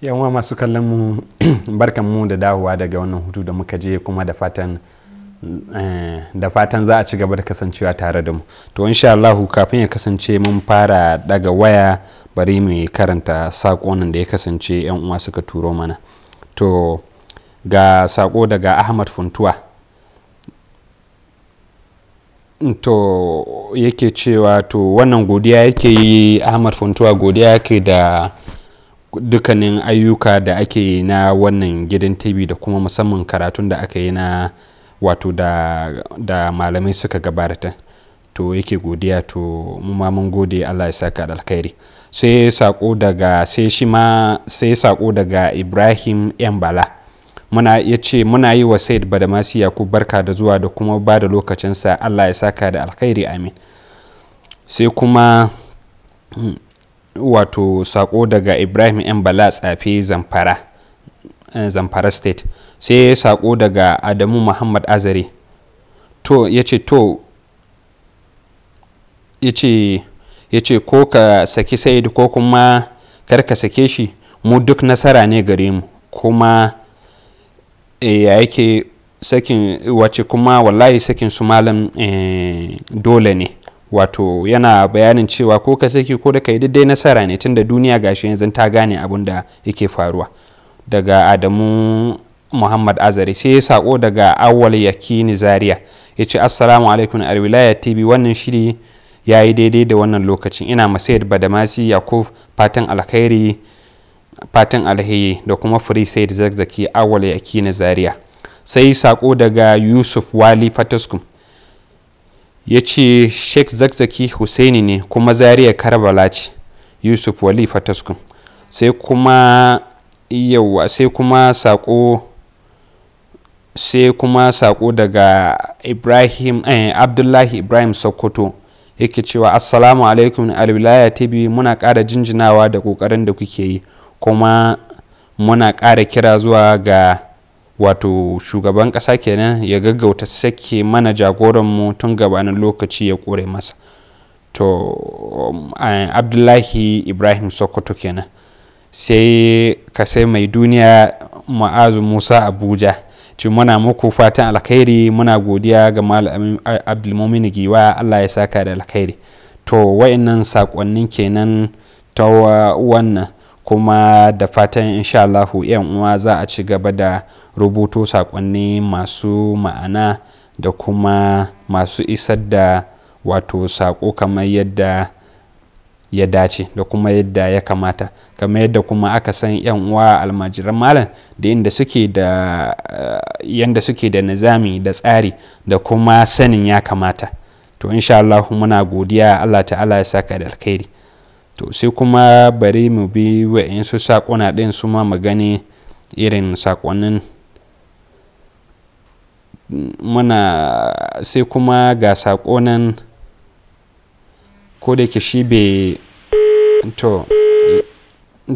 yawan masu kallon mu barkan mu da dawowa daga wannan hutu da muka je kuma da fatan eh, da fatan za a ci gaba da kasancewa tare da mu to insha Allahu kafin ya kasance mun fara daga waya bari mu karanta saƙonin da ya kasance 'yan uwa suka turo mana to ga sako daga ahmad funtuwa to yake cewa to wannan godiya yake yi ahmad funtuwa godiya yake da dukkanin ayyuka da ake yi na wannan gidan tv da kuma musamman karatun da aka yi na wato da, malamai suka gabata to yake godiya to mun gode Allah ya saka da alkhairi sai sako daga sai shi ma sai sako daga Ibrahim Yambala muna ya ce muna yi wa Said Badamasi yaku barka da zuwa da kuma ba da lokacinsa Allah ya saka da alkhairi amin sai kuma hmm, wato sako daga ibrahim yan bala tsafe zamfara eh, zamfara state sai sako daga adamu muhammad azare to ya ce to ya ce ko ka saki said ko kuma kar ka sake shi mu duk nasara ne gare mu kuma eh, ya yake sakin wace kuma wallahi sakin su malam eh, dole ne wato yana bayanin cewa ko ka saki ko da kai daidai nasara ne tunda duniya gashi yanzu ta gane abin da yake faruwa daga adamu muhammad azari sai ya sako daga awwal yakini zaria ya ce assalamu alaikum a wilaya tv wannan shiri ya yi daidai da wannan lokacin ina masayar badamasi yakub fatan alkhairi fatan alheri da kuma free said zakzaki awwal yakini zaria sai sako daga yusuf wali fataskum ya ce sheikh zakzaki husaini ne kuma zariya karbala ce yusuf wali fataskun sai kuma yawa sai kuma sako sai kuma sako daga ibrahim eh, abdullahi ibrahim sokoto yake cewa assalamu alaikum alwilaya tv muna ƙara jinjinawa da ƙoƙarin da kuke yi kuma muna ƙara kira zuwa ga wato shugaban kasa kenan ya gaggauta sake mana mu tun gabanin lokaci ya kore masa to um, abdullahi ibrahim sokoto kenan sai ka sai mai duniya ma'azu musa abuja ci muna muku fatan alkhairi muna godiya ga malamin abdulmumin giwa allah ya saka da alkhairi to wa'annan sakonnin kenan ta wannan kuma da fatan insha yan uwa za a ci gaba da rubuto saƙonni masu ma'ana da kuma masu isar da wato saƙo kamar yadda ya dace da kuma yadda ya kamata kamar yadda kuma aka san yan uwa almajiran malam da inda suke da eh, yanda suke da nizami da tsari da kuma sanin ya kamata to insha Allah muna godiya Allah ta'ala ya saka da alkhairi to sai kuma bari mu bi wa'in su saƙona ɗin su ma mu irin saƙonnin muna sai kuma ga saƙo nan ko da ke shi bai to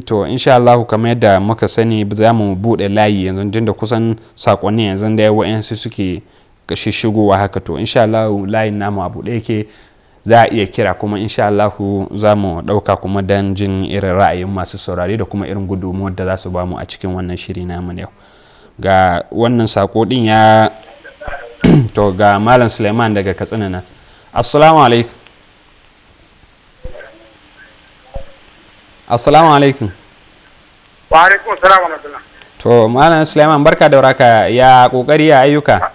to insha Allah kamar yadda muka sani za mu buɗe layi yanzu tun da kusan sakonni yanzu da yawa suke kashi shigowa haka to insha Allah layin namu a buɗe yake za a iya kira kuma insha Allah za mu ɗauka kuma dan jin irin ra'ayin masu saurare da kuma irin gudunmuwar da za su bamu a cikin wannan shiri namu yau ga wannan sako ɗin ya to ga malam suleiman daga katsina na assalamu alaikum assalamu alaikum wa to malam suleiman barka da waraka ya kokari ya ayyuka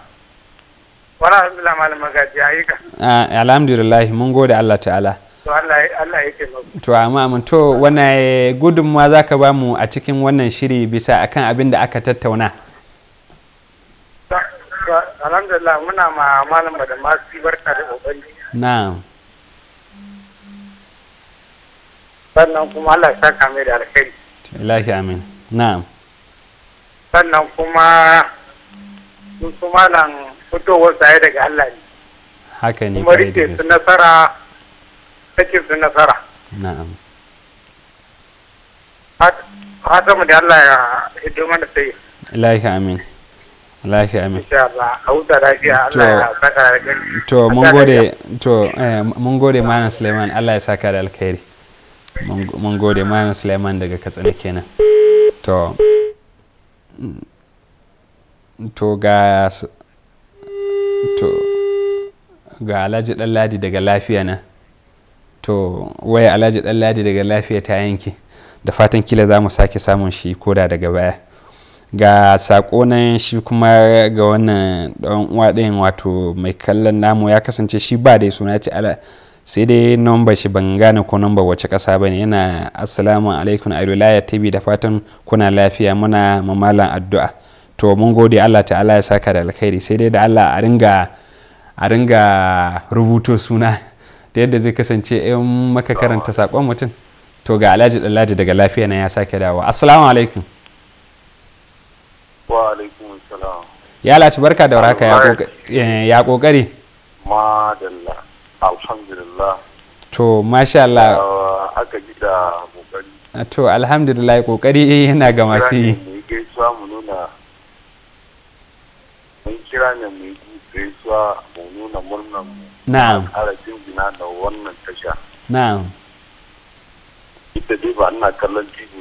wala alhamdulillah malam magaji ayyuka ah, alhamdulillah mun gode Allah ta'ala to to amma mun to wannan gudunmuwa zaka bamu a cikin wannan shiri bisa akan abin da aka tattauna alhamdulillah muna ma malam da masu barka da kokari na'am sannan kuma Allah ya saka mai da alkhairi ilahi amin na'am sannan kuma sun su malam fitowar saye daga Allah ne haka ne kuma rike su nasara take su nasara na'am mu da Allah ya hidiman da sai ilahi amin lafiya amin to mun gode to eh, mun gode malam suleiman allah ya saka da alkhairi mun gode malam suleiman daga katsina kenan to to ga to ga alhaji danladi daga lafiya na to waya alhaji danladi daga lafiya ta yanki da fatan kila za mu sake samun shi koda daga baya ga sako nan shi kuma ga wannan dan uwa din wato mai kallon namu ya kasance shi ba dai suna ce ala sai dai nomba shi ban gane ko nomba wace kasa bane yana assalamu alaikum ayyulaya tv da fatan kuna lafiya muna mamalan addu'a to mun gode Allah ta'ala ya saka da alkhairi sai dai da Allah a ringa a ringa rubuto suna da yadda zai kasance in maka karanta sakon mutum to ga Alhaji Dallaji daga lafiya na ya sake dawo assalamu alaikum wa alaikum salam ya lati barka da waraka eh, ya kokari madalla alhamdulillah to masha Allah aka ji da kokari ah, to alhamdulillah kokari eh, yana ga masu yi gaisuwa mu nuna mun kira ne mu gaisuwa mu nuna murnan mu na'am harafin gina da wannan tasha na'am ita dai ba ina kallon tv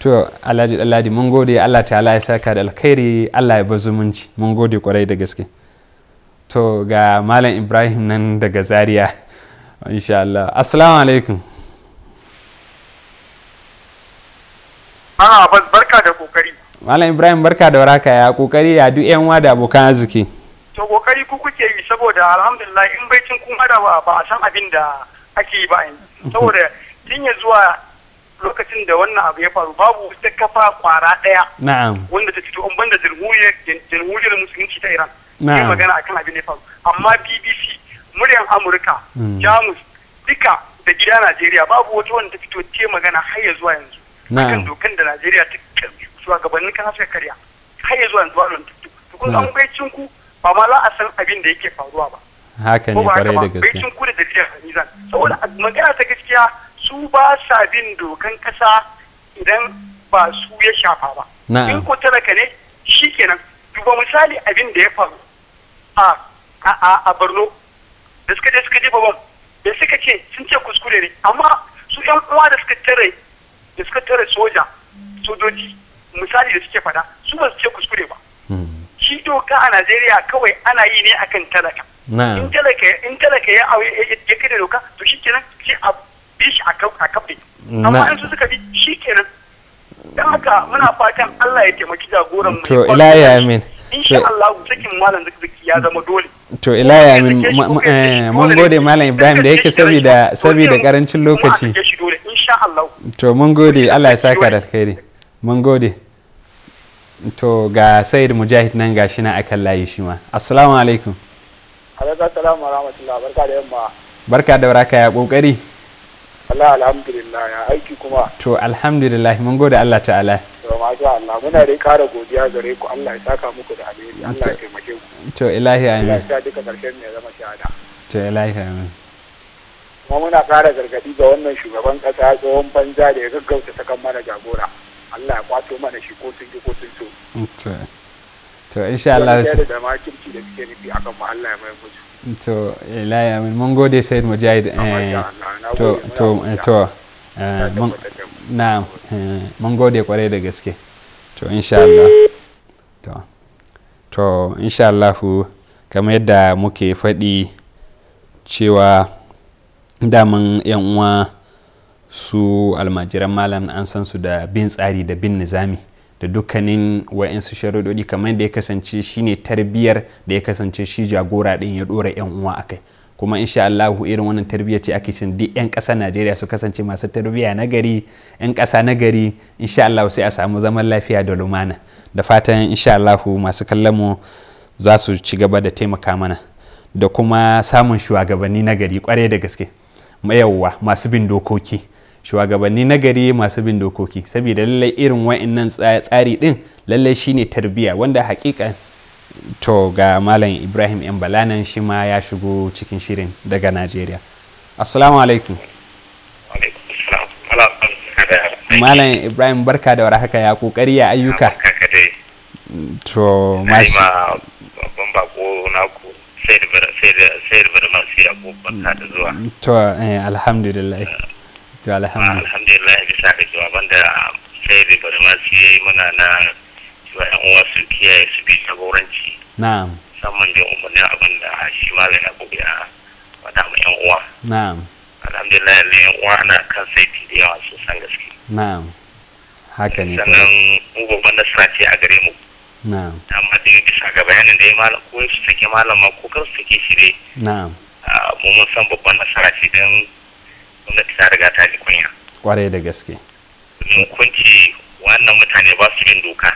to alhaji alhaji mun gode allah ta ya saka da alkhairi allah ya bar zumunci mun gode kwarai da gaske to ga malam ibrahim nan daga zaria insha allah assalamu alaikum ah, barka da kokari. Malam Ibrahim barka da waraka ya kokari ya duk yan da abokan arziki. To kokari ku kuke yi saboda alhamdulillah in baicin kun hada ba ba a san abin da ake yi ba yanzu. Saboda tun ya zuwa lokacin da wannan abu ya faru babu wata kafa kwara ɗaya wanda ta fito banda jamhuriyar musulunci ta iran yi magana akan abin da ya faru amma bbc muryan amurka hmm. jamus duka da gida najeriya babu wata wanda ta fito ce magana har ya zuwa yanzu akan dokan da najeriya ta gabanin kasa suka karya har ya zuwa yanzu a lantattu kun an bai cinku ba ma za a san abin da yake faruwa ba haka ne kwarai da gaske bai cinku da dalilin hannizan saboda magana ta gaskiya su ba sa bin dokan kasa idan ba su ya shafa ba in ko talaka ne shi kenan duba misali abin da ya faru a a a Borno da suka je suka je babban da suka ce sun ce kuskure ne amma su yan uwa da suka tare da suka tare soja sojoji misali da suke fada su ba su ce kuskure ba hmm. shi doka a Najeriya kawai ana yi ne akan talaka in talaka ya aure ya kai da doka to shi kenan sai a bishi a kan kafe amma in su suka bi shi kenan don haka muna fatan Allah ya taimaki jagoran mu to ila ya amin insha Allah cikin malam zakzaki ya zama dole to ila ya amin eh, mun gode malam Ibrahim da yake saboda saboda karancin lokaci insha Allah to mun gode Allah ya saka da alkhairi mun gode to ga Said Mujahid nan gashi na akan layi shi ma assalamu alaikum alaikum assalamu wa rahmatullahi barka da yamma barka da waraka ya kokari Allah alhamdulillah ya aiki kuma. To alhamdulillah mun gode Allah ta'ala. To masha Allah muna dai kara godiya gare ku Allah ya saka muku da alheri Allah ya taimake ku. To ilahi amin. Allah ya duka karshen ne zama shahada. To ilahi amin. Kuma muna kara gargadi ga wannan shugaban kasa tsohon banza da ya gaggauta sakan mana jagora. Allah ya kwato mana shi ko sun ji ko sun so. To to insha Allah. Da ma kirki da suke nufi akan mu Allah ya mai musu. to laya min mon gode sayid mujahid oh eh, to to to na mon eh, gode eh, ko da gaske to inshallah to to inshallah fu kamar yadda muke faɗi cewa daman yan uwa su almajiran malam an san su da bin tsari da bin nizami da dukkanin wa'insu sharuɗoɗi kamar da ya kasance shi ne tarbiyyar da ya kasance shi jagora ɗin ya ɗora 'yan uwa a kai kuma insha Allahu irin wannan tarbiyyar ce ake cin duk 'yan ƙasa Najeriya su kasance masu tarbiyya na gari 'yan ƙasa na gari insha Allahu sai a samu zaman lafiya da lumana da fatan insha Allahu masu kallon mu za su ci gaba da taimaka mana da kuma samun shugabanni na gari kwarai da gaske mayawwa masu bin dokoki shugabanni na gari masu bin dokoki saboda lallai irin wa'annan tsari din lallai shine tarbiya wanda hakika to ga malam ibrahim yan balanan shi ma ya shigo cikin shirin daga najeriya assalamu alaikum malam ibrahim barka da warhaka ya kokari ya ayyuka to mashi sai da bari masu yi a da zuwa to alhamdulillah to alhamdulillah alhamdulillah bisa ga jawaban da sai da bari ma su yi mana na cewa yan uwa su kiyaye su bi jagoranci na'am musamman da umarnin abin da shi ma zai abu ya wata ma yan uwa na'am alhamdulillah ne yan uwa na kan sai saiti da yawa su san gaske na'am haka ne sannan mu babban nasara ce a gare mu na'am amma da bisa ga bayanin da ya malam ko su take malam ma ko kar su take shi dai na'am ah, mu mun san babban nasara ce don gwamnati ta riga ta ji kunya kwarai da gaske mun kunci wannan mutane ba su yin doka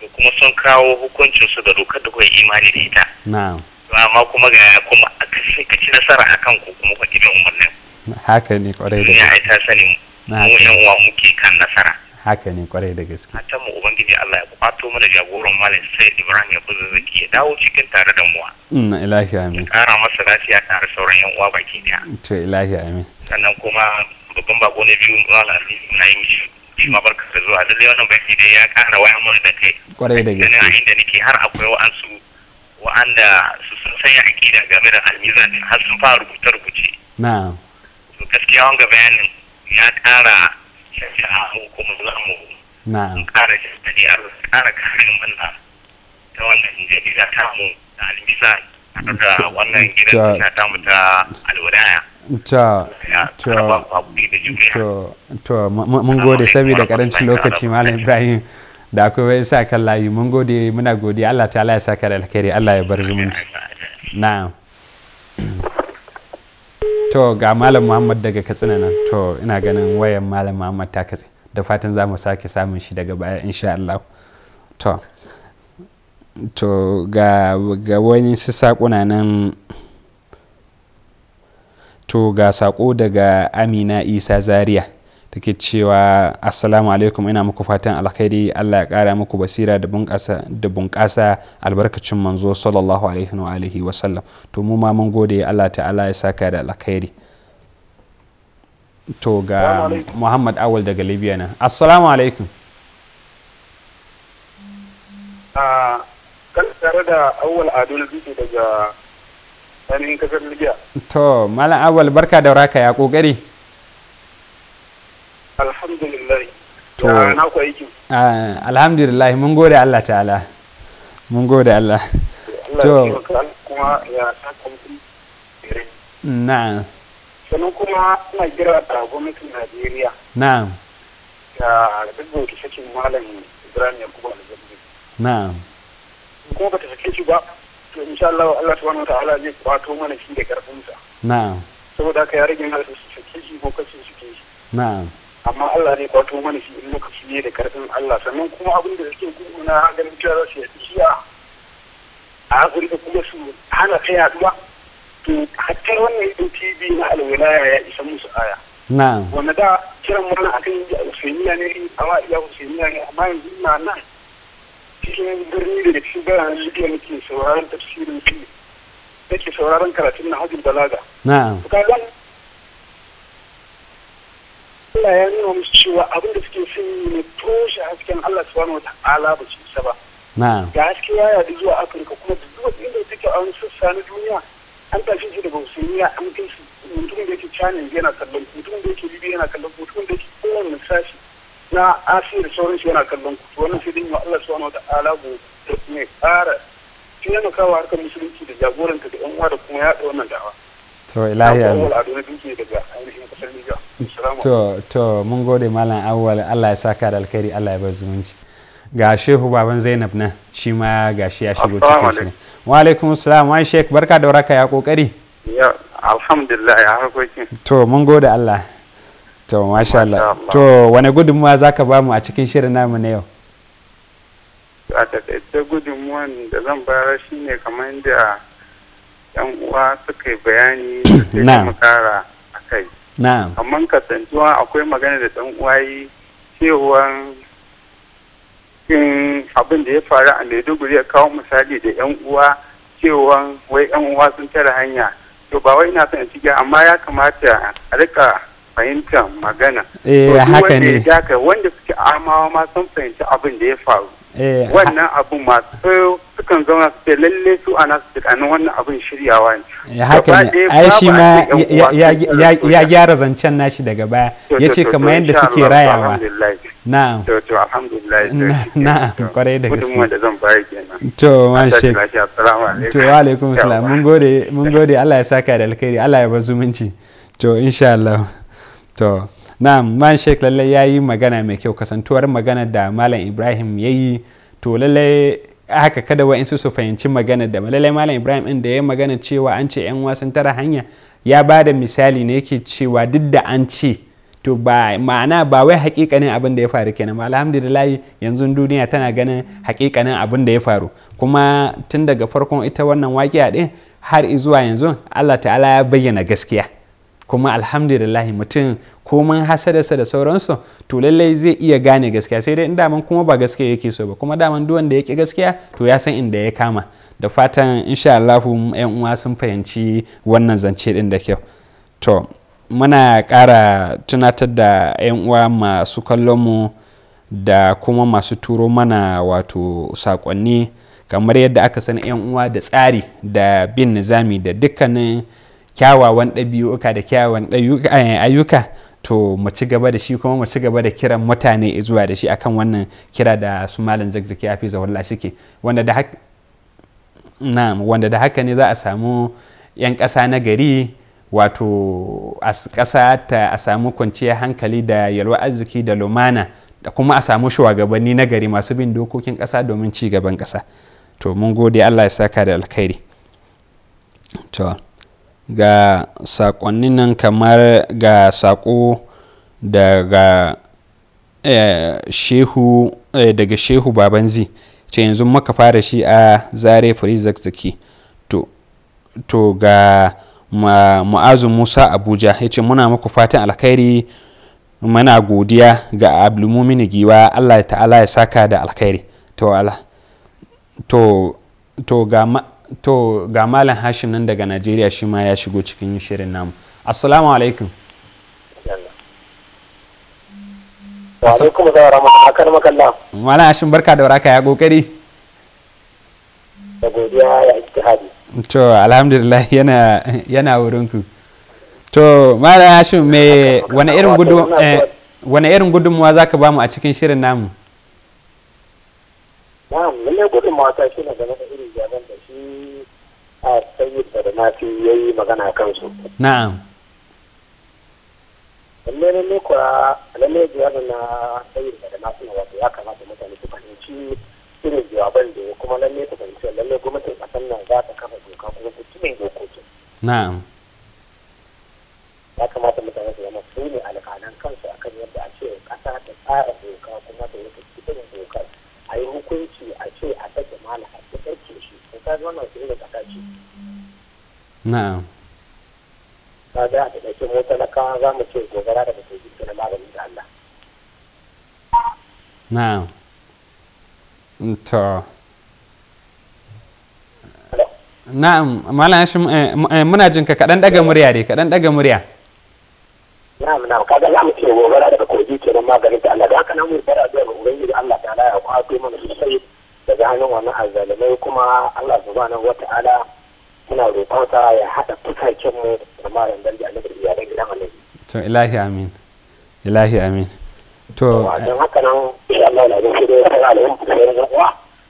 to kuma sun kawo hukuncin su da dokar da kuka imani da ita na'am amma kuma ga kuma aka sai ka ci nasara akan ku kuma ku ji umarnin haka ne kwarai da gaske ai ta sani mu yan uwa muke kan nasara haka ne kwarai da gaske hatan mu ubangiji Allah ya kwato mana jagoran malam sai Ibrahim ya buzu zaki ya dawo cikin tare da mu inna ilahi amin kara masa lafiya tare sauran yan uwa baki daya to ilahi amin sannan kuma babban bako ne biyu mala aliyu na yi mishi shi ma barka da zuwa lalle wannan banki dai ya kara waya mun da kai kwarai da gaske a inda nake har akwai wa'ansu wa'anda su sun sanya akida game da almizan har sun fara rubuta rubuce na to gaskiya wanga bayanin ya kara shafi a hukumar zamu na kara shafi a kara karin mana ta wannan ta mu da almizan da wannan gidan ta mu ta alwadaya ta to mun gode saboda karancin lokaci malam ibrahim da akwai wai sa kan layi mun gode muna gode allah ta ya saka da alkhairi allah ya bar zumunci na to ga malam muhammad daga katsina nan to ina ganin wayan malam muhammad ta katse da fatan za mu sake samun shi daga baya insha allah to to ga, ga wani su sakuna nan to ga sako daga amina isa zaria ke cewa assalamu alaikum ina muku fatan alkhairi allah ya kara muku basira da bunƙasa albarkacin manzo sallallahu alaihi wa alihi wa sallam to mu ma mun gode allah ta'ala ya saka da alkhairi to ga muhammad awal daga libya nan assalamu alaikum ah, tare da awal adul daga ainihin kasar libya to malam awal barka da raka ya kokari alhamdulillah to na ah, mun gode allah ta'ala mun gode allah to kuma ya na'am sannan kuma ina kira da gwamnatin najeriya na'am da duk da sakin malam ibrahim yakubu alzabri na'am kuma ba ta sake shi ba to insha Allah Allah subhanahu wataala zai kwato mana shi da na'am saboda ya rage mana su sake shi ko kace shi na'am amma Allah zai kwato mana shi in lokaci ne da karfin Allah sannan kuma abin da suke na ganin cewa za su yi shi a Afirka kuma su hana ta yaduwa to hatta wannan na alwilaya ya isa musu aya na'am wanda da kiran mana akan Husainiya ne amma iya Husainiya ne amma yanzu na nan cikin birni daga cikin bayan libya nake sauraron tafsirin sauraron karatun na hajjin balaga na'am Allah ya nuna musu cewa abin da suke sun yi ne toshe hasken Allah subhanahu wa ta'ala ba su ba haske ya yadu zuwa Afirka kuma da duk inda take a sassa na duniya an tashi shi daga Usmaniya an kai shi mutumin da yake China yana kallon mutumin da yake Libya yana kallon mutumin da yake kowane sashi na asir sauran sauransu yana kallon ku wannan sai dai ma Allah subhanahu wa ta'ala go da kuma ƙara taimakawa harkar musulunci da jagoranta da yan uwa da kuma yaɗa wannan dawa to ilahi amin to to mun gode malam awwal Allah ya saka da alkhairi Allah ya bar zumunci ga shehu baban zainab na shi ma ga shi ya shigo cikin shi wa alaikum assalam wani sheik barka da waraka ya kokari ya alhamdulillah ya harkokin to mun gode Allah to masha Allah to wani gudunmuwa za ka bamu a cikin shirin namu na yau a taƙaita gudunmuwan da zan bayar shi ne kamar da yan uwa suka yi bayani da kuma a kai amma kasantuwa akwai magana da ɗan uwa yi cewa abin da ya faru a maiduguri ya kawo misali da yan uwa cewa wai yan uwa sun tara hanya to ba wai ina son ciki amma ya kamata a rika fahimtar magana eh haka ne wanda suke amawa ma sun fahimci abin da ya faru eh, wannan abu masu sukan zauna su ce lalle su ana su tunanin wannan abin shiryawa ne eh, haka ne ai shi ma ya gyara zancen nashi daga baya ya ce kamar yadda suke rayawa na'am to to alhamdulillah na'am kwarai da gaske da zan bayar kenan to man shek to wa alaikum assalam mun gode mun gode Allah ya saka da alkhairi Allah ya ba zumunci. to insha Allah to na man sheik lallai ya yi magana mai kyau kasantuwar magana da malam ibrahim ya yi to lallai haka kada in su fahimci magana da lallai malam ibrahim din da ya magana cewa an ce yan wasan tara hanya ya ba da misali ne yake cewa duk da an ce to ba ma'ana ba wai hakikanin abin da ya faru kenan ba alhamdulillah yanzu duniya tana ganin hakikanin abin da ya faru kuma tun daga farkon ita wannan waƙiya din har zuwa yanzu Allah ta'ala ya bayyana gaskiya kuma alhamdulillahi mutum komin hasadarsa da sauransu to lallai zai iya gane gaskiya sai dai in daman kuma ba gaskiya yake so ba kuma daman duwan ya yake gaskiya to ya san inda ya kama da fatan insha Allah yan uwa sun fahimci wannan zance din da kyau to muna ƙara tunatar da yan uwa masu kallon mu da kuma masu turo mana wato sakonni kamar yadda aka san yan uwa da tsari da bin nizami da dukkanin kyawawan ɗabi'uka da kyawawan eh, ayyuka to mu ci gaba da shi kuma mu ci gaba da kiran mutane zuwa da shi akan wannan kira da su malam zakzaki ya fi suke wanda da haka wanda ne za a samu 'yan ƙasa na gari wato a ƙasa ta a samu kwanciyar hankali da yalwa arziki da lumana da kuma a samu shugabanni na gari masu bin dokokin ƙasa domin ci gaban ƙasa to mun gode allah ya saka da alkhairi to ga saƙonnin nan kamar ga saƙo daga eh, shehu eh, daga shehu babanzi ce yanzu maka fara shi a zare frizak zaki to ga mu'azu musa abuja ya ce muna maku fatan alkhairi mana godiya ga abdulmumini giwa allah ta'ala ya saka da alkhairi to ga to ga malam hashim nan daga najeriya shi ma ya shigo cikin shirin namu assalamu alaikum Malam Hashim barka da waraka ya kokari. Da godiya ya To alhamdulillah yana yana wurin ku. To Malam Hashim me wani eh, irin gudunmuwa za ka zaka bamu a cikin shirin namu? na lalle gudun mata shi ne game da irin jaman da shi a sayyid da na fi ya yi magana kansu na'am lalle lalle kuwa lalle jaman na sayyid da na fi wato ya kamata mutane su fahimci irin jawaban da kuma lalle su fahimci lalle gwamnatin kasan nan za ta kafa doka kuma su ci dokokin na'am ya kamata mutane su zama su ne alƙalan kansu akan yadda a ce ƙasa ta tsara doka kuma ta yi ta cikin dokar a yi hukunci a ce a sake mala a fitarce shi ko ka zo na su da kaka ce na'am ka ga da dake mota na kawa za mu ce gobara da mutum jikin na magani da Allah na'am to na'am malam shi eh, eh, muna jin ka kaɗan ɗaga murya dai kaɗan ɗaga murya na'am na'am ka ga za mu ce gobara da shi kenan maganin da Allah da haka namu da addu'a ga ubangiji Allah ta'ala ya kwato mana sosai daga hannun wannan azzalimai kuma Allah subhanahu wata'ala muna roƙon sa ya hada tukakin mu da maran dalji a nufin iyalan gidan annabi to ilahi amin ilahi amin to don haka nan insha Allah na shi da ya fara da wani da ya zama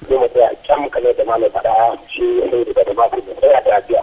ne mutum ya kyan kane da malam fada shi ya sai da da mafi da sai ya tafiya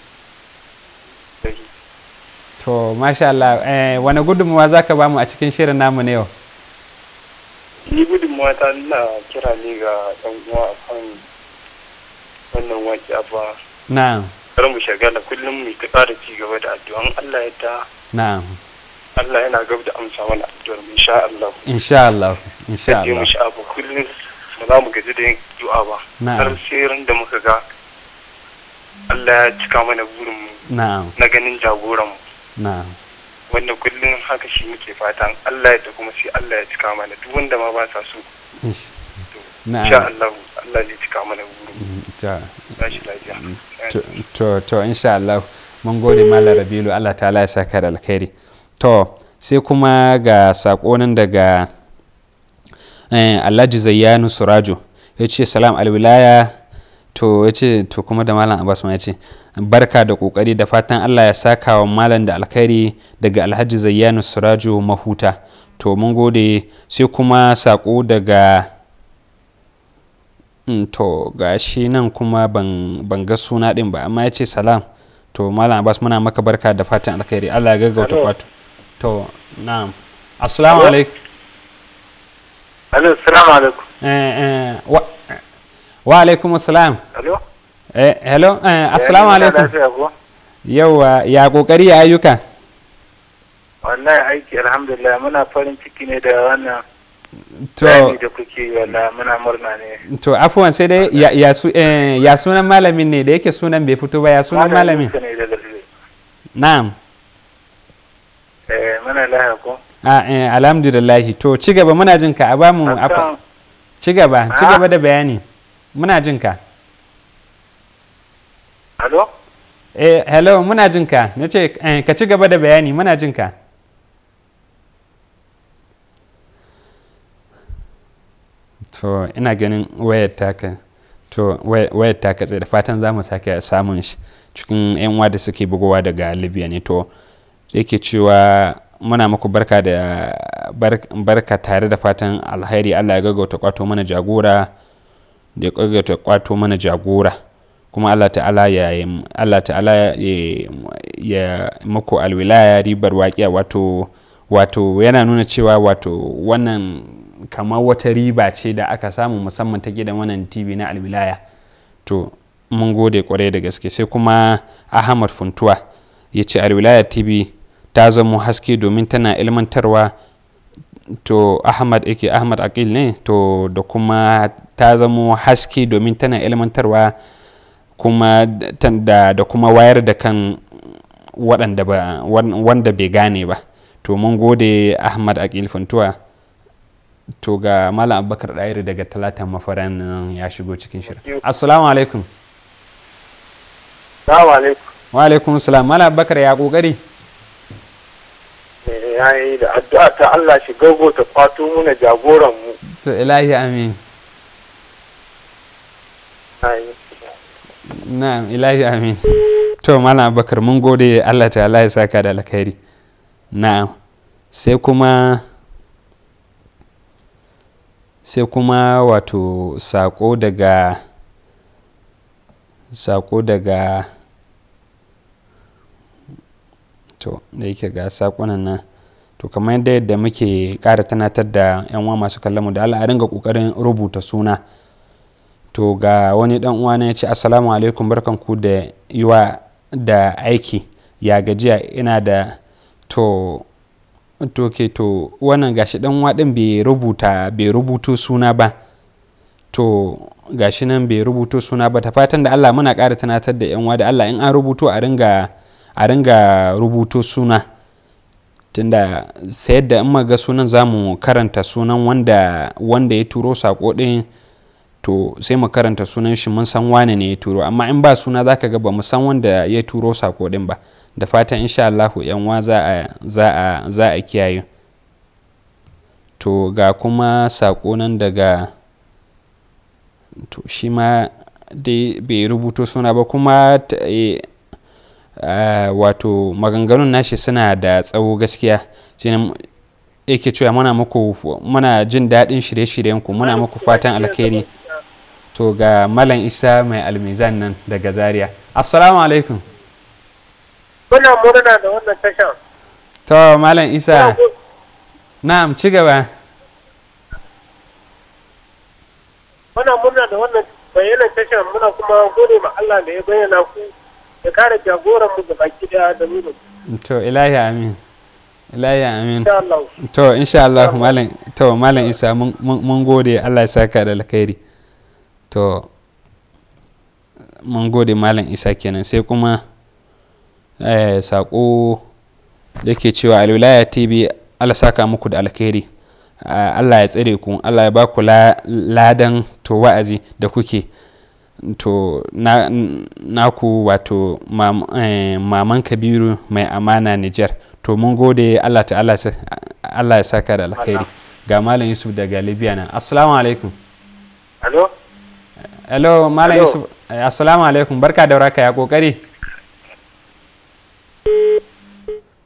to masha Allah eh, wani gudunmuwa za ka bamu a cikin shirin namu ne. yau ni gudunmuwa ta nuna kira ne ga ɗan uwa a kan wannan waki abuwa. na'am kar mu shagala kullum mu ta ƙara ci gaba da addu'an Allah ya ta na'am Allah yana gab da amsa mana addu'ar mu insha Allah insha Allah insha Allah mu sha abu kullum ba za mu gaji da yin addu'a ba har sai da muka ga Allah ya cika mana burin mu na ganin jagoran mu wanda kullum haka shi muke fatan Allah ya da kuma sai Allah ya cika mana duk wanda ma ba sa so insha Allah Allah zai cika mana burin mm, ta mm, to to insha Allah mun gode mallam Rabilu Allah ta ya saka da alkhairi to sai kuma ga sako nan daga eh, Alhaji Zayyanu Surajo ya ce salam alwilaya to ya ce to kuma da malam abbas ma ya ce barka da kokari da fatan allah ya saka wa malam da alkhairi daga alhaji zayyanu surajo mahuta to mun gode sai kuma sako daga mm, to ga shi nan kuma ban ga suna din ba amma ya ce salam to malam abbas muna maka barka da fatan alkhairi allah ya gaggauta kwato to na'am assalamu alaikum assalamu alaikum eh, eh, wa alaikum assalam hello eh, eh, eh, assalamu alaikum yawa ya kokari ya ayyuka wallahi aiki alhamdulillah muna farin ciki ne da wannan to da kuke wala muna murna ne to afuwan sai dai ya sunan malamin ne da yake sunan bai fito ba ya sunan malamin na'am eh muna lahiya ko a ah, eh alhamdulillah to ci muna jin a bamu afa ci gaba ci ah? gaba da bayani muna jin ka eh halo, muna jin ka ce eh, ka ci gaba da bayani muna jin to ina ganin wayar taka to wayar ta katse da fatan za mu sake samun shi cikin yan da suke bugowa daga libya ne to yake cewa muna muku barka da barka tare da fatan alhairi allah ya gaggauta kwato mana jagora da ya ƙarfi kwato mana jagora kuma Allah ta'ala ya Allah ta'ala ya mako alwilaya ribar waƙiya wato wato yana nuna cewa wato wannan kamar wata riba ce da aka samu musamman ta gidan wannan TV na alwilaya to mun gode kwarai da gaske sai kuma Ahmad Funtuwa ya ce alwilaya TV ta zamo haske domin tana ilmantarwa to ahmad ake ahmad akil ne to da kuma ta zamo haske domin tana ilmantarwa kuma da, da kuma wayar da kan waɗanda ba wanda bai gane ba to mun gode ahmad akil funtuwa to ga malam abubakar ɗairi daga talatan mafaran ya shigo cikin shirin assalamu alaikum wa alaikum salam malam abubakar ya ƙoƙari ya eh, da addu'a ta Allah shi ta kwato muna jagoran mu gode Allah Allah ya da alkhairi na'am sai kuma sai kuma wato sako daga sako daga to da yake ga sakonan nan to kamar yadda yadda muke kara tunatar da yan uwa masu kallon mu da Allah a ringa kokarin rubuta suna to ga wani dan uwa ne ya ce assalamu alaikum barkanku da yiwa da aiki ya gajiya ina da to to ke to wannan gashi dan uwa din bai rubuta bai rubuto suna ba to gashi nan bai rubuto suna ba ta fatan da Allah muna ƙara tunatar da yan uwa da Allah in an rubuto a ringa a ringa rubuto suna tunda sayar da in ga sunan za mu karanta sunan wanda wanda ya turo sako ɗin to sai mu karanta sunan shi mun san wane ne ya turo amma in ba suna zaka ga ba mu san wanda ya turo sako ɗin ba da fatan insha Allahu yan wa za a kiyaye to ga kuma sako nan daga to shi ma dai bai rubuto suna ba kuma eh, Eh, wato maganganun nashi suna da tsawo gaskiya shine yake cewa muna muku muna jin daɗin shirye-shiryen ku muna muku fatan alkhairi to ga malam isa mai almizan nan daga zaria assalamu alaikum muna murna da wannan tashan to malam isa na'am ci gaba muna murna da wannan bayanan tashan muna kuma gode ma Allah da ya bayyana ku ya kara jagoran mu gaba daya da mu to ilahi amin ilahi amin to insha Allah malam to malam Isa mun gode Allah ya saka da alkhairi to mun gode malam Isa kenan sai kuma eh sako yake cewa alwilaya tv Allah saka muku da alkhairi eh, Allah ya tsare ku Allah ya ba ku ladan to wa'azi da kuke to na, ku wato mam, eh, maman kabiru mai amana nijar to mun gode allah ta'ala allah ya saka da alkhairi ga malam yusuf daga libya nan assalamu alaikum hello hello malam yusuf eh, assalamu alaikum barka da raka ya kokari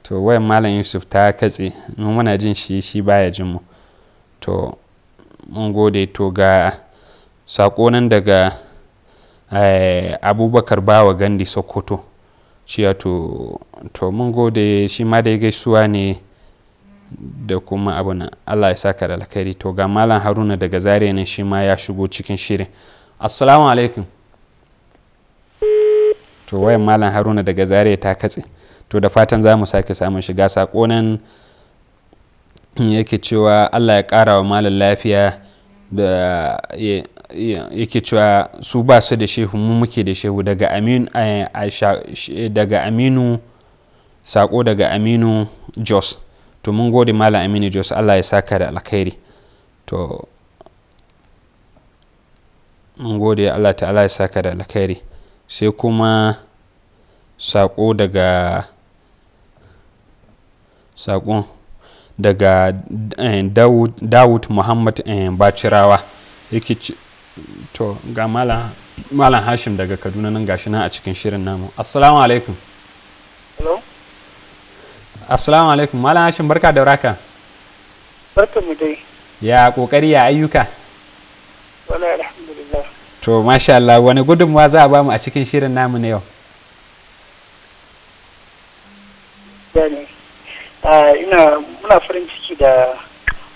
to wayan malam yusuf ta katse mun muna jin shi shi baya jin mu to mun gode to ga sako nan daga Eh, abubakar bawa gandi sokoto cewa to mun gode shi ma da gaisuwa ne da kuma abu na allah ya saka da alkhairi to ga malam haruna daga zare ne shi ma ya shigo cikin shirin assalamu alaikum to wayan malam haruna daga zare ta katse to da fatan za mu sake samun shiga sako nan yake cewa allah ya kara wa malam lafiya da yake cewa su ba su da shehu mu muke da shehu daga aminu eh, eh, daga aminu sako daga aminu jos to mun gode malam aminu jos allah ya saka da alkhairi to mun gode allah ta'ala ya saka da alkhairi sai kuma sako daga sako daga eh, dawud muhammad bacirawa yake to ga malam hashim daga kaduna nan gashi nan a cikin shirin namu assalamu alaikum hello assalamu alaikum malam hashim barka da raka barka mu dai ya kokari ya ayyuka wala alhamdulillah to masha Allah wani gudunmuwa za a bamu a cikin shirin namu na yau ina muna farin ciki da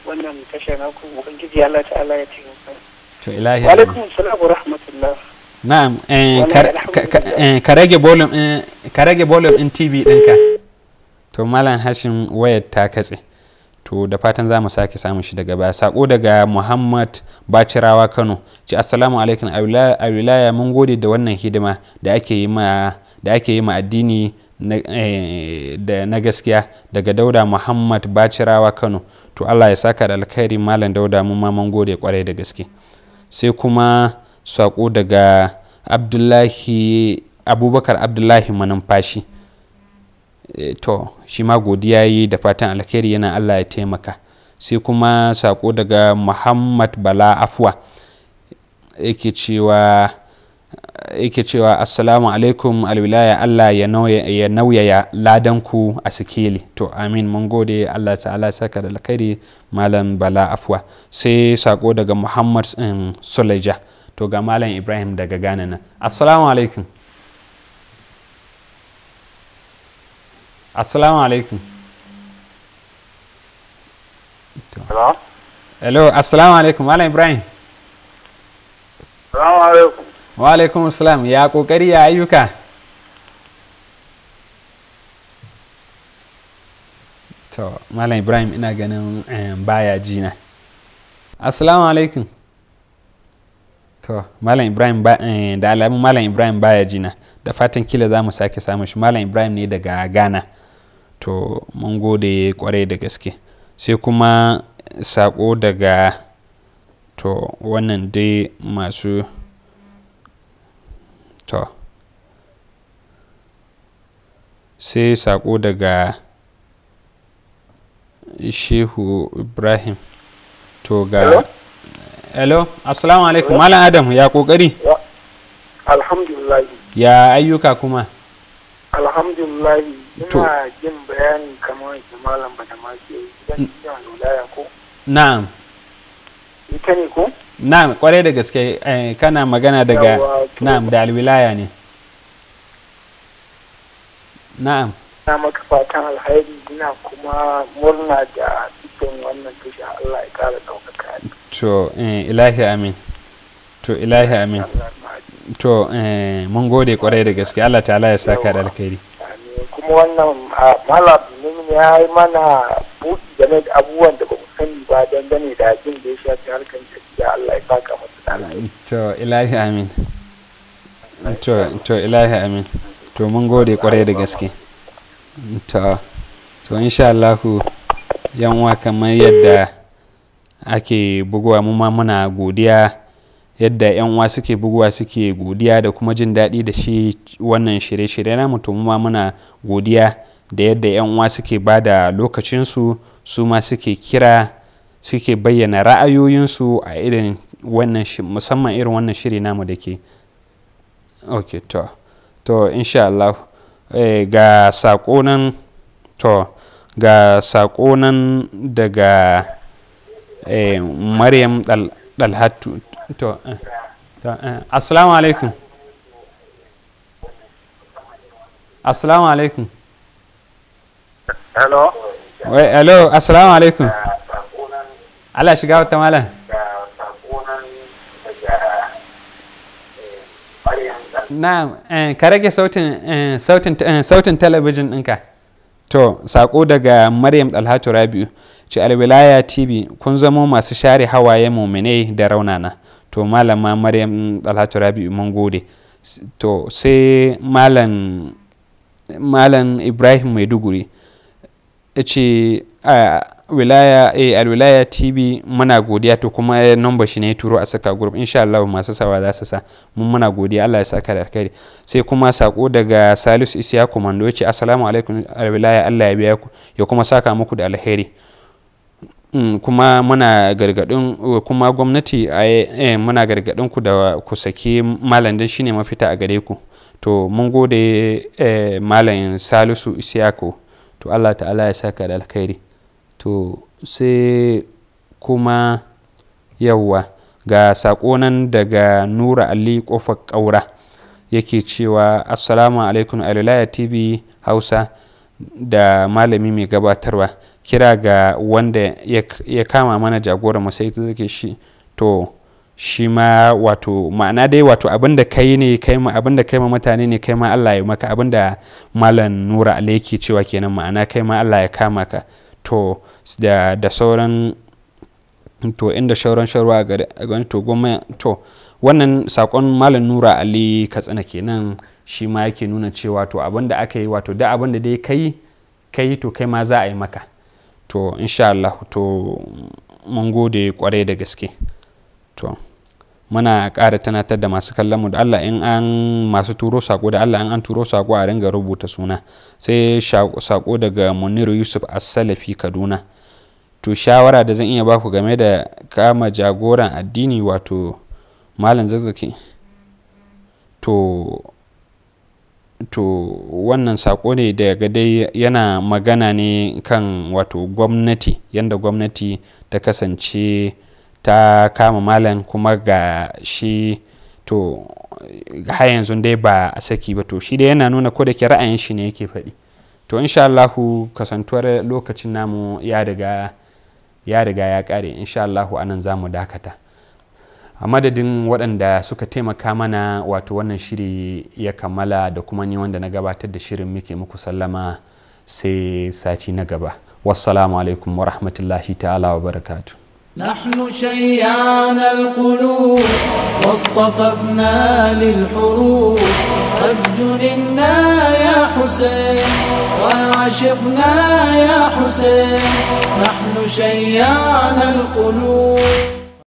wannan tashar naku ubangiji Allah ta'ala ya taimaka to ilahi wa alaikum salam wa rahmatullah na'am eh, eh, ka rage volume eh, ka rage volume din TV ɗinka to malam hashim wayar ta katse to da fatan za mu sake samun shi daga baya sako daga muhammad bacirawa kano ci assalamu alaikum a wilaya mun gode da wannan hidima da ake yi ma da ake yi ma addini na gaskiya daga dauda muhammad bacirawa kano to allah ya saka da alkhairi malam dauda mun ma mun gode kwarai da gaske sai kuma saƙo daga abdullahi abubakar abdullahi manumfashi eh, to shi ma godiya yi da fatan alkhairi yana allah ya taimaka sai kuma saƙo daga muhammad bala afuwa yake cewa yake cewa assalamu alaikum alwilaya allah ya nauyaya ladanku a sikeli to amin mun gode allah ta'ala saka da alkhairi malam bala afwa sai sako daga muhammad um, sulaija to ga malam ibrahim daga ghana nan assalamu alaikum assalamu alaikum hello assalamu alaikum malam ibrahim assalamu alaikum wa salam ya kokari ya ayyuka to malam ibrahim ina ganin eh, baya jina assalamu alaikum to malam ibrahim eh, da alamun malam ibrahim baya jina da fatan kila za mu sake samun shi malam ibrahim ne daga ghana to mun gode kwarai da gaske sai kuma sako daga to wannan dai masu to sai saƙo daga shehu ibrahim to ga hello assalamu alaikum malam adam ya kokari alhamdulillah ya ayyuka kuma alhamdulillah ina jin bayani kamar yadda malam bada ma ke yi idan ko na'am ita ne ko na'am kwarai da gaske eh, kana magana daga na'am da alwilaya ne na'am na maka fatan alhairi ina kuma murna da cikin wannan tushe Allah ya kara daukaka to eh, ilahi amin to ilahi amin to eh, mun gode kwarai da gaske Allah ta'ala ya saka da alkhairi kuma wannan malam ya yi mana buɗi game da abubuwan da ba mu sani ba dangane da abin da ya shafi harkar Allah ya baka to ilahi amin to to ilahi amin to mun gode kwarai da gaske to to insha Allah yan wa kamar yadda ake bugowa mu ma muna godiya yadda 'yan uwa suke buguwa suke godiya da kuma jin daɗi da shi wannan shirye-shirye na mutum ma muna godiya da yadda 'yan uwa suke ba da lokacinsu su ma suke kira suke bayyana ra'ayoyinsu a irin wannan musamman irin wannan shiri namu da ke ok to to insha Allah eh, ga saƙo nan to ga saƙo nan daga eh, maryam dalhattu to, eh, to eh. assalamu alaikum assalamu alaikum hello hello assalamu alaikum Allah shiga wata malam na eh, eh, ka rage eh, sautin talabijin ɗinka to saƙo daga maryam dalhatu rabiu ce alwilaya tv kun zamo masu share hawaye muminai da raunana to malama maryam dalhatu rabiu mun gode to sai malam malam ibrahim maiduguri ce ah, wilaya a eh, alwilaya tv muna godiya to kuma eh, number shi ne turo a saka group insha Allah masu sawa za su sa mun muna godiya Allah ya saka da alkhairi sai kuma sako daga Salisu Isiya commando yace ce assalamu alaikum alwilaya Allah ya biya ku ya kuma saka muku da alheri mm, kuma muna gargadin kuma gwamnati eh, muna gargadin ku da ku saki malam dan shine mafita a gare ku to mun gode malam Salisu Isiyaku to Allah ta'ala ya saka da alkhairi to sai kuma yawwa ga saƙonan daga nura ali ƙofar ƙaura yake cewa assalamu alaikum alilaya tv hausa da malami mai gabatarwa kira ga wanda ya kama mana jagoran masai zake shi to shi ma wato ma'ana dai wato abinda yi ne kai ma abinda kai ma mutane ne kai ma Allah ya maka abinda malam nura ali yake cewa kenan ma'ana kai ma Allah ya kama ka to da da sauran to inda shauran sharwa ga to goma to wannan sakon malam nura ali katsina kenan shi ma yake nuna cewa to abin aka yi wato da abinda da dai kai kai to kai ma za a yi maka to insha Allah to mun gode kwarai da gaske to muna ƙara tunatar da masu kallon mu da Allah in an masu turo sako da Allah in an turo sako a ringa rubuta suna sai sako daga Muniru Yusuf As-Salafi Kaduna to shawara da zan iya baku game da kama jagoran addini wato malam zazzaki to to wannan sako ne daga dai yana magana ne kan wato gwamnati yanda gwamnati ta kasance ta kama malam kuma ga shi to har yanzu dai ba a saki ba to shi dai yana nuna ko da ke ra'ayin shi ne yake faɗi to insha Allahu kasantuwar lokacin namu ya riga ya riga ya ƙare insha Allahu anan zamu dakata a madadin waɗanda suka taimaka mana wato wannan shiri ya kammala da kuma ni wanda na gabatar da shirin muke muku sallama sai sati na gaba wassalamu alaikum wa rahmatullahi ta'ala wa barakatu نحن شيعنا القلوب واصطففنا للحروب قد جننا يا حسين وعشقنا يا حسين نحن شيعنا القلوب